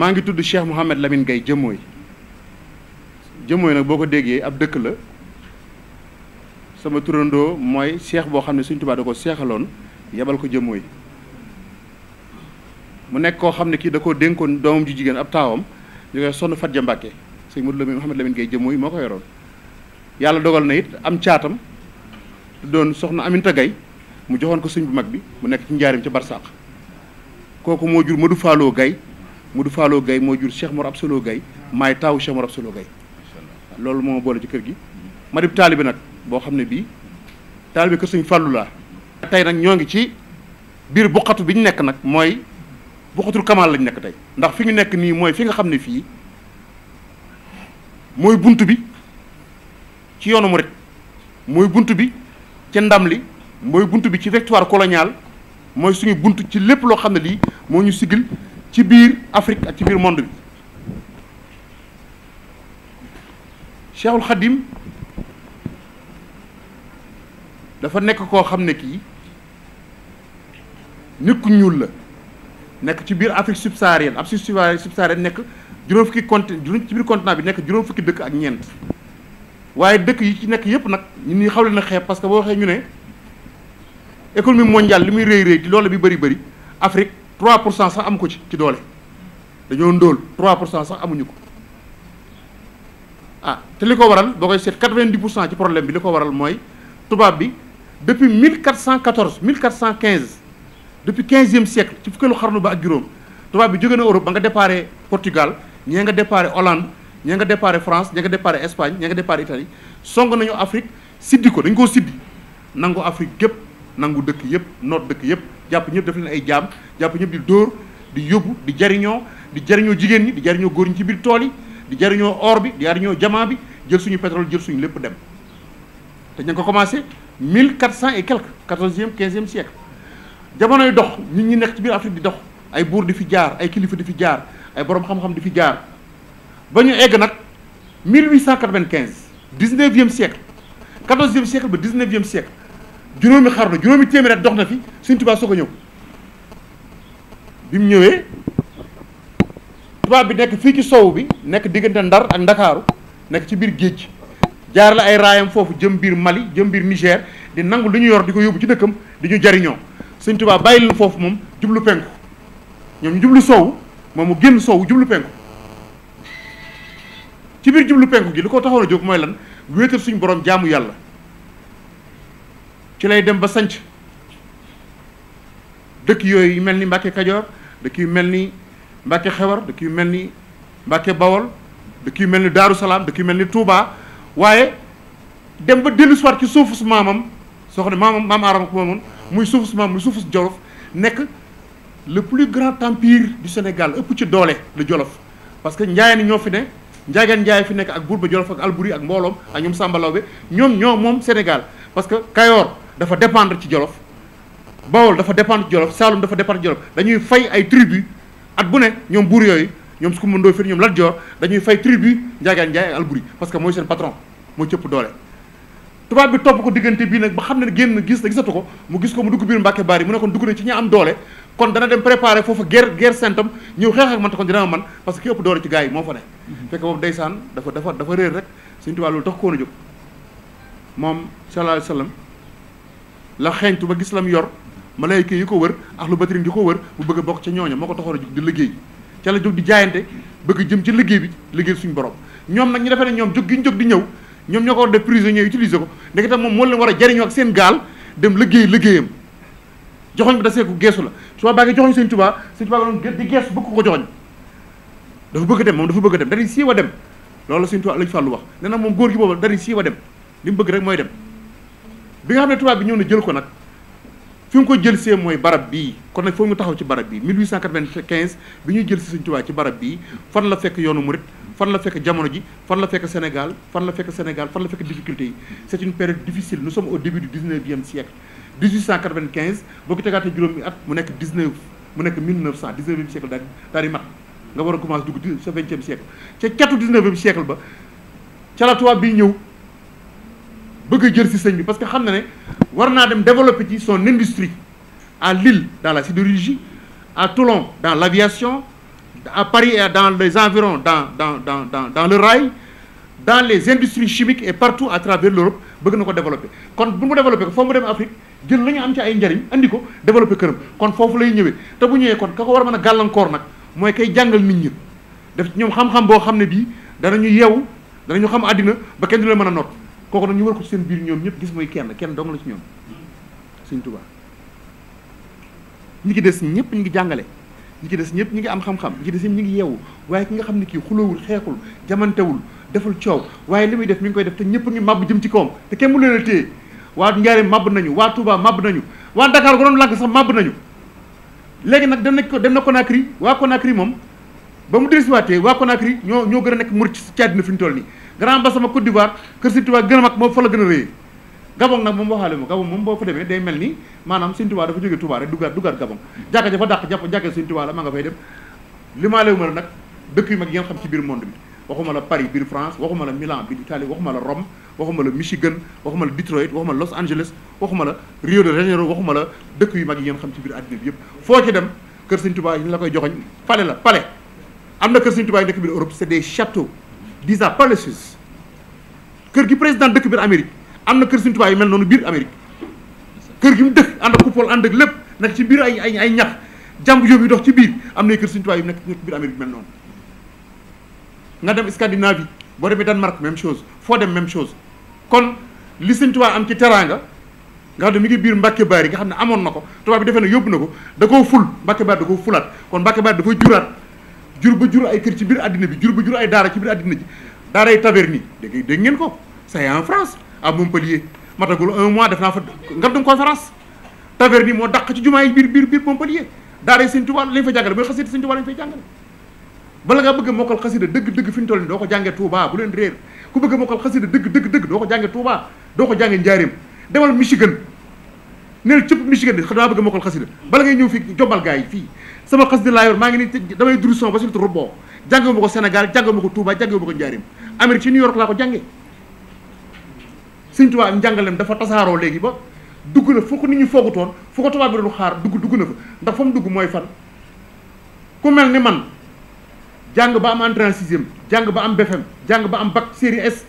maa ngi tudd Cheikh Mouhamed lamin gay jëmmooy jëmmooy nag boo ko déggee ab dëkk la sama turandoo mooy seex boo xam ne suñ tubaab da ko seexaloon yebal ko jëmmooy mu nekk koo xam ne kii da koo dénkoon doomam ji jigéen ab taawam ñu koy sonn Fatja Mbàkke sëñ Modou Lamine Mouhamed Lamine Gaye jëmmooy moo ko yoroon yàlla dogal na it am caatam doon soxna Aminta Gaye mu joxoon ko suñ bu mag bi mu nekk ci njaarim ca barsàq kooku moo jur Modou Fallou gay Modou Fallou Gaye moo jur Cheikh Mor Absolo Gaye maay taaw Cheikh Mor Absolo Gaye loolu moo boole ci kër gi ma dib taalibe nag boo xam ne bii taalibe kër Sëñ Fallou laa tey nag ñoo ngi ci biir boqatu bi ñu nekk nag mooy boqatul Kamal lañ nekk tey ndax fi ñu nekk nii mooy fi nga xam ne fii mooy bunt bi ci yoonu murit mooy bunt bi ci ndam li mooy bunt bi ci victoire coloniale mooy suñu bunt ci lépp loo xam ne lii moo ñu sigil ci biir Afrique ak ci biir monde bi Cheikhul Khadim dafa nekk koo xam ne kii nit ñuul la nekk ci biir Afrique subsaharienne ab subsaharienne nekk juróom fukki continent ci biir continent bi nekk juróom fukki dëkk ak ñeent waaye dëkk yi ci nekk yépp nag ñu ni xawle na xeeb parce que boo waxee ñu ne économie mondiale li muy rëy rëy di loolu bi bari bari Afrique 3 pour cent sax am ko ci ci doole dañoo ndóol 3 pour cent sax amuñu ko ah te li ko waral boo koy seet 90 pour cent ci problème bi li ko waral mooy tubaab bi depuis 1414 1415 depuis 15e siècle ci fukkeelu xarnu ba ak juróom tubaab bi jóge na Europe ba nga déparé Portugal ñee nga déparé Hollande ñee nga déparé France ñee nga déparé Espagne ñee nga déparé Italie song nañu Afrique siddi ko dañ koo siddi nangu Afrique gépp nangu dëkk yëpp noot dëkk yëpp jàpp ñëpp def leen ay jaam jàpp ñëpp di dóor di yóbbu di jariñoo di jariñoo jigéen ñi di jariñoo góor ñi ci biir tool yi di jariñoo oor bi di jariñoo jamaa bi jël suñu pétrole jël suñu lépp dem te ña ngi ko commencé mille quatre cent et quelque quatorzième quinzième siècle jamonoy dox nit ñi nekk ci biir Afrique di dox ay buur di fi jaar ay kilifa di fi jaar ay boroom xam-xam di fi jaar ba ñu egg nag 1895 19e siècle 14e siècle ba 19e siècle juróomi xarnu juróomi téeméer at dox na fi Sëriñ Tuubaa soog a ñëw bi mu ñëwee tubaab bi nekk fii ci sow bi nekk diggante Ndar ak Ndakaaru nekk ci biir géej jaar la ay raayam foofu jëm biir Mali jëm biir Niger di nangu lu ñu yor di ko yóbbu ci dëkkam di ñu jariñoo Sëriñ Tuubaa bàyyi leen foofu moom jublu penku ñoom jublu soow moom mu génn sow jublu penku ci biir jublu penku gi li ko taxoon a jóg mooy lan wéetal suñu boroom jaamu yàlla ci lay dem ba sanc dëkk yooyu mel ni Mbàkke Kajoor dëkk yu mel ni Mbàkke Xewar dëkk yu mel ni Mbàkke Bawol dëkk yu mel ni Daaru Salaam dëkk yu mel ni Touba waaye dem ba dellu soir ci suufus maamam soo xam ne maamam maam aarama ko moomoon muy suufus maam muy suufus Jolof nekk le plus grand empire du Sénégal ëpp ci doole la Jolof parce que njaayeen ñoo fi ne njaageen njaay fi nekk ak Buurba Jolof ak Alburi ak mbooloom ak ñoom Sàmba ñoo moom Sénégal parce que Kayoor dafa dépendre ci jolof bawol dafa dépendre ci jolof saalum dafa dépendre ci jolof dañuy fay ay tribu at bu ne ñoom buur yooyu ñoom su ko mëndoo fii ñoom Lat Joor dañuy fay tribu Njaagaan Njaay ak Alburi parce que mooy seen patron moo cëpp doole tubaab bi topp ko diggante bi nag ba xam ne génn gis na gisatu ko mu gis ko mu dugg biir Mbàkke Baari mu ne kon dugg na ci ñi am doole kon dana dem préparer foofa guerre guerre sentam ñëw xeex ak man ko kon dina man parce que ki ëpp doole ci gars yi moo fa ne dafa dafa dafa réer rek suñu tubaab loolu tax koon a jóg moom sallallahu alayhi wa la xeeñtu ba gis lam yor malayka yi ko wër ak lu batrin di ko wër bu bëgg a bokk ca ñooña moo ko taxoon a jóg di liggéey ca la jóg di jaayante bëgg jëm ci liggéey bi liggéey suñu borom ñoom nag ñu defee ne ñoom jóg gi ñu jóg di ñëw ñoom ñoo ko war def prisonnier utiliser ko ndeke tam moom moo leen war a jariñoo ak seen gaal dem liggéey liggéeyam joxoñ bi da seeku geesu la tubaab baa ngi joxoñ seen tubaab seen tubaab la doon di geesu bëgg ko joxoñ dafa bëgg a moom dafa bëgg a dem dari siiwa dem loolu seen tubaab lañ wax nee moom góor gi boobu dari siiwa dem li mu bëgg rek mooy dem bi nga xam ne tubaab bi ñëw na jël ko nag fi nga ko jël see mooy barab bii kon nag foo ñu taxaw ci barab bii 1895 bi ñuy jël si Sëñ Tuubaa ci barab bii fan la fekk yoonu mu murit fan la fekk jamono ji fan la fekk Sénégal fan la fekk Sénégal fan la fekk difficulté yi c'est une période difficile nous sommes au début du 19e siècle 1895 boo ko tegaatee juróomi at mu nekk 19 mu nekk e siècle daal daal di mat nga war a commencé dugg sa 20e siècle ca catu 19e siècle ba ca la tubaab bi bëgg jël si sëñ bi parce que xam na ne war naa dem développer ci son industrie à Lille dans la sidérurgie à Toulon dans l'aviation à Paris dans les environs dans dans dans dans dans le rail dans les industries chimiques et partout à travers bëgg na ko développer kon bu mu développer ko foo mu dem Afrique jël la ñu am ci ay njariñ indi ko développer këram kon foofu lay ñëwee te bu ñëwee kon ka ko war a mën a gàllankoor nag mooy kay jàngal nit ñi def ñoom xam-xam boo xam ne bii danañu yeewu danañu xam addina ba kenn du la mën a noot kooku nag ñu war ko ci seen biir ñoom ñëpp gis mooy kenn kenn dong la ci ñoom Sëñ Tuubaa ñi ci des ñëpp ñu ngi jàngale ñi ci des ñëpp ñu ngi am xam-xam ñi ci des ñëpp ngi yeewu waaye ki nga xam ne kii xuloowul xeexul jamantewul deful coow waaye li muy def mi ngi koy def te ñëpp ñu màbb jëm ci kawam te kenn mu leen a téye waa Njaaréem màbb nañu waa Touba màbb nañu waa Dakar ko doon làgg sax màbb nañu léegi nag dem na ko dem na Conakry waa Conakry moom ba mu dellusiwaatee waa Conakry ñoo ñoo gën a nekk murit ci àddina fi ñu toll nii Grand Bassam ak Côte d'Ivoire kër a mag moom fa la a rëyee Gabon nag moom waxaale ma Gabon moom boo fa demee day mel ni maanaam Sëñ Tuubaa dafa jógee Tuubaa rek dugaat dugaat Gabon jàkka ja fa nag dëkk xam ci biir monde bi waxuma la Paris biir France waxuma la Milan biir Italie waxuma la Rome waxuma la Michigan waxuma la Detroit waxuma la Los Angeles waxuma la Rio de Janeiro dëkk yu mag yi xam ci biir àddina yëpp foo ci dem kër Sëñ Tuubaa yi la koy joxoñ fale la pale am na kër Sëriñ Tuubaa yi nekk biir Europe c' est des châteaux these are palaces kër gi président dëkk biir Amérique am na kër Sëriñ Tuubaa yi mel noonu biir Amérique kër gi mu dëkk ànd ak coupole ànd ak lépp nekk ci biir ay ay ay ñax jàmb yóbbu yi dox ci biir am na kër Sëriñ Tuubaa yi nekk nekk biir Amérique mel noonu nga dem Scandinavie boo demee Danemark même chose foo dem même chose kon li Sëriñ Tuubaa am ci teraanga nga xam ne mi ngi biir Mbàkke Baari nga xam ne amoon na ko tubaab bi defee ne na ko da koo ful Mbàkke Baari da koo fulaat kon Mbàkke Baari da jur ba jur ay kër ci biir àddina bi jur ba jur ay daara ci biir àddina ji daara ay taverni dégg ngeen ko c'est en France à Montpellier matagul un mois def naa fa ngandum conférence taverni moo dàq ci jumaa yi biir biir biir Montpellier daara Sëñ Tuubaa lañ fa jàngale bala ngaa bëgg mokkal xasida dëgg dëgg fi ñu toll nii doo ko jàngee Touba bu leen réer ku bëgg a mokkal xasida dëgg dëgg doo ko jàngee Touba doo ko jàngee Njaaréem demal Michigan neel cëpp Michigan di daa bëgg mokkal xasida bala ngay ñëw fii jombal gars yi fii sama xasida laa yor maa ngi nii damay duru son ba surtout robon jàngewu ma ko Sénégal jàngewu ma ko Touba jàngewu ma ko Njaarim Amérique ci New York laa ko jànge Sëñ Tuubaa am njàngalem dafa tasaaroo léegi ba dugg na foo ko nit ñu foogutoon foo ko tubaab xaar dugg dugg na fa ndax fa dugg mooy fan ku mel ni man jàng ba am entrée en sixième jàng ba am BFM jàng ba am bac S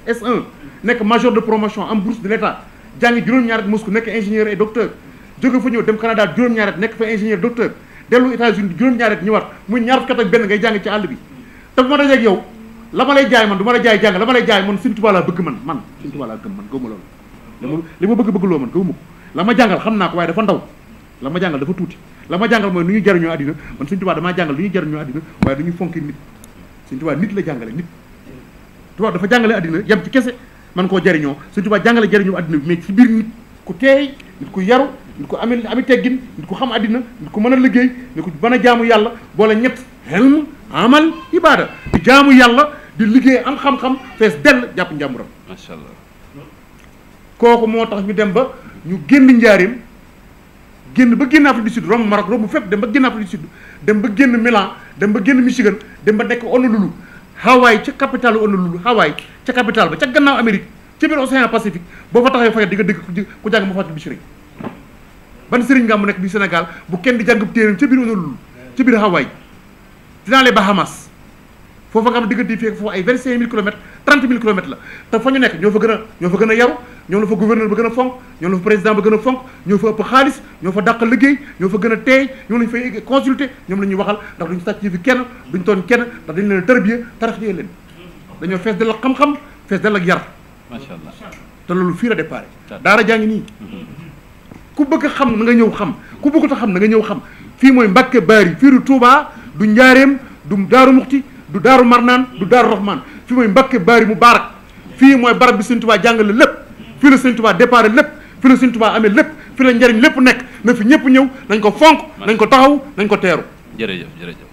nekk major de promotion am bourse de l' jàngi juróom-ñaar at Moscou nekk ingénieur et docteur jóge fa ñëw dem Canada juróom-ñaar at nekk fa ingénieur docteur dellu États-Unis juróom-ñaar at ñëwaat muy ñaar fukki benn ngay jàng ci àll bi te bu ma dajeeg yow la ma lay jaay man du ma la jaay jàng la ma lay jaay man Sëriñ Tuubaa laa bëgg man man Sëriñ Tuubaa li ma bëgg bëgg loo man la ma jàngal xam naa ko waaye dafa ndaw la ma jàngal dafa tuuti la ma jàngal mooy nu ñu jariñoo àddina man Sëriñ Tuubaa damaa jàngal lu ñu jariñoo àddina waaye du ñu fonki nit Sëriñ Tuubaa nit la jàngale nit Tuubaa dafa jàngale àddina yem ci kese man koo jariñoo Sëñ Tuubaa jàngale jariñoo àddina bi mais ci biir nit ku teey nit ku yaru nit ku ami ami teggin nit ku xam àddina nit ku mën a liggéey nit ku mën a jaamu yàlla boole ñett xelm amal ibaada jaamu yàlla di liggéey am xam-xam fees dell jàpp njàmburam macha allah kooku moo tax ñu dem ba ñu génn njaarim génn ba génn Afrique du Sud romb Maroc romb fépp dem ba génn Afrique du dem ba génn Milan dem ba génn Michigan dem ba nekk Honolulu Hawaï ca capitale Honolulu Hawaï ca capital ba ca gannaaw Amérique ci biir océan Pacifique boo fa taxee fayet di nga dégg ku jàng ma fàttali bi sëriñ ban sëriñ nga mu nekk bi Sénégal bu kenn di jàng téeram ca biir Honolulu ca biir Hawaï dinaa lee Bahamas foofa nga xam diggante fii foofu ay vingt cinq mille kilomètres trente mille kilomètres la te fa ñu nekk ñoo fa gën a ñoo fa gën a yaru ñoom la fa gouverneur ba gën a fonk ñoom la fa président ba gën a fonk ñoo fa ëpp xaalis ñoo fa dàq liggéey ñoo fa gën a teey ñoom lañ fay consulter ñoom la ñuy waxal ndax duñu sàcc fi kenn duñ toon kenn dañ leen tarbiyé tarax leen dañoo fees dal ak xam dal ak yar. te loolu fii la déparé. daara jaa ngi nii. Mm-hmm. ku bëgg xam na nga ñëw xam ku bëggut a xam na nga ñëw xam fii mooy Mbàkke Baari fii du Touba du Njaareem du Daaru Muxti du Daaru Marnaan du Daaru Rahman fii mooy Mbàkke Baari mu baarak fii mooy barab bi Sëñ Touba jàngale lépp fii la Sëñ Touba déparé lépp fii la Sëñ Touba amee lépp fii la njariñ lépp nekk na fi ñëpp ñëw dañ ko fonk nañ ko taxaw dañ ko teeru jërëjëf jërëjëf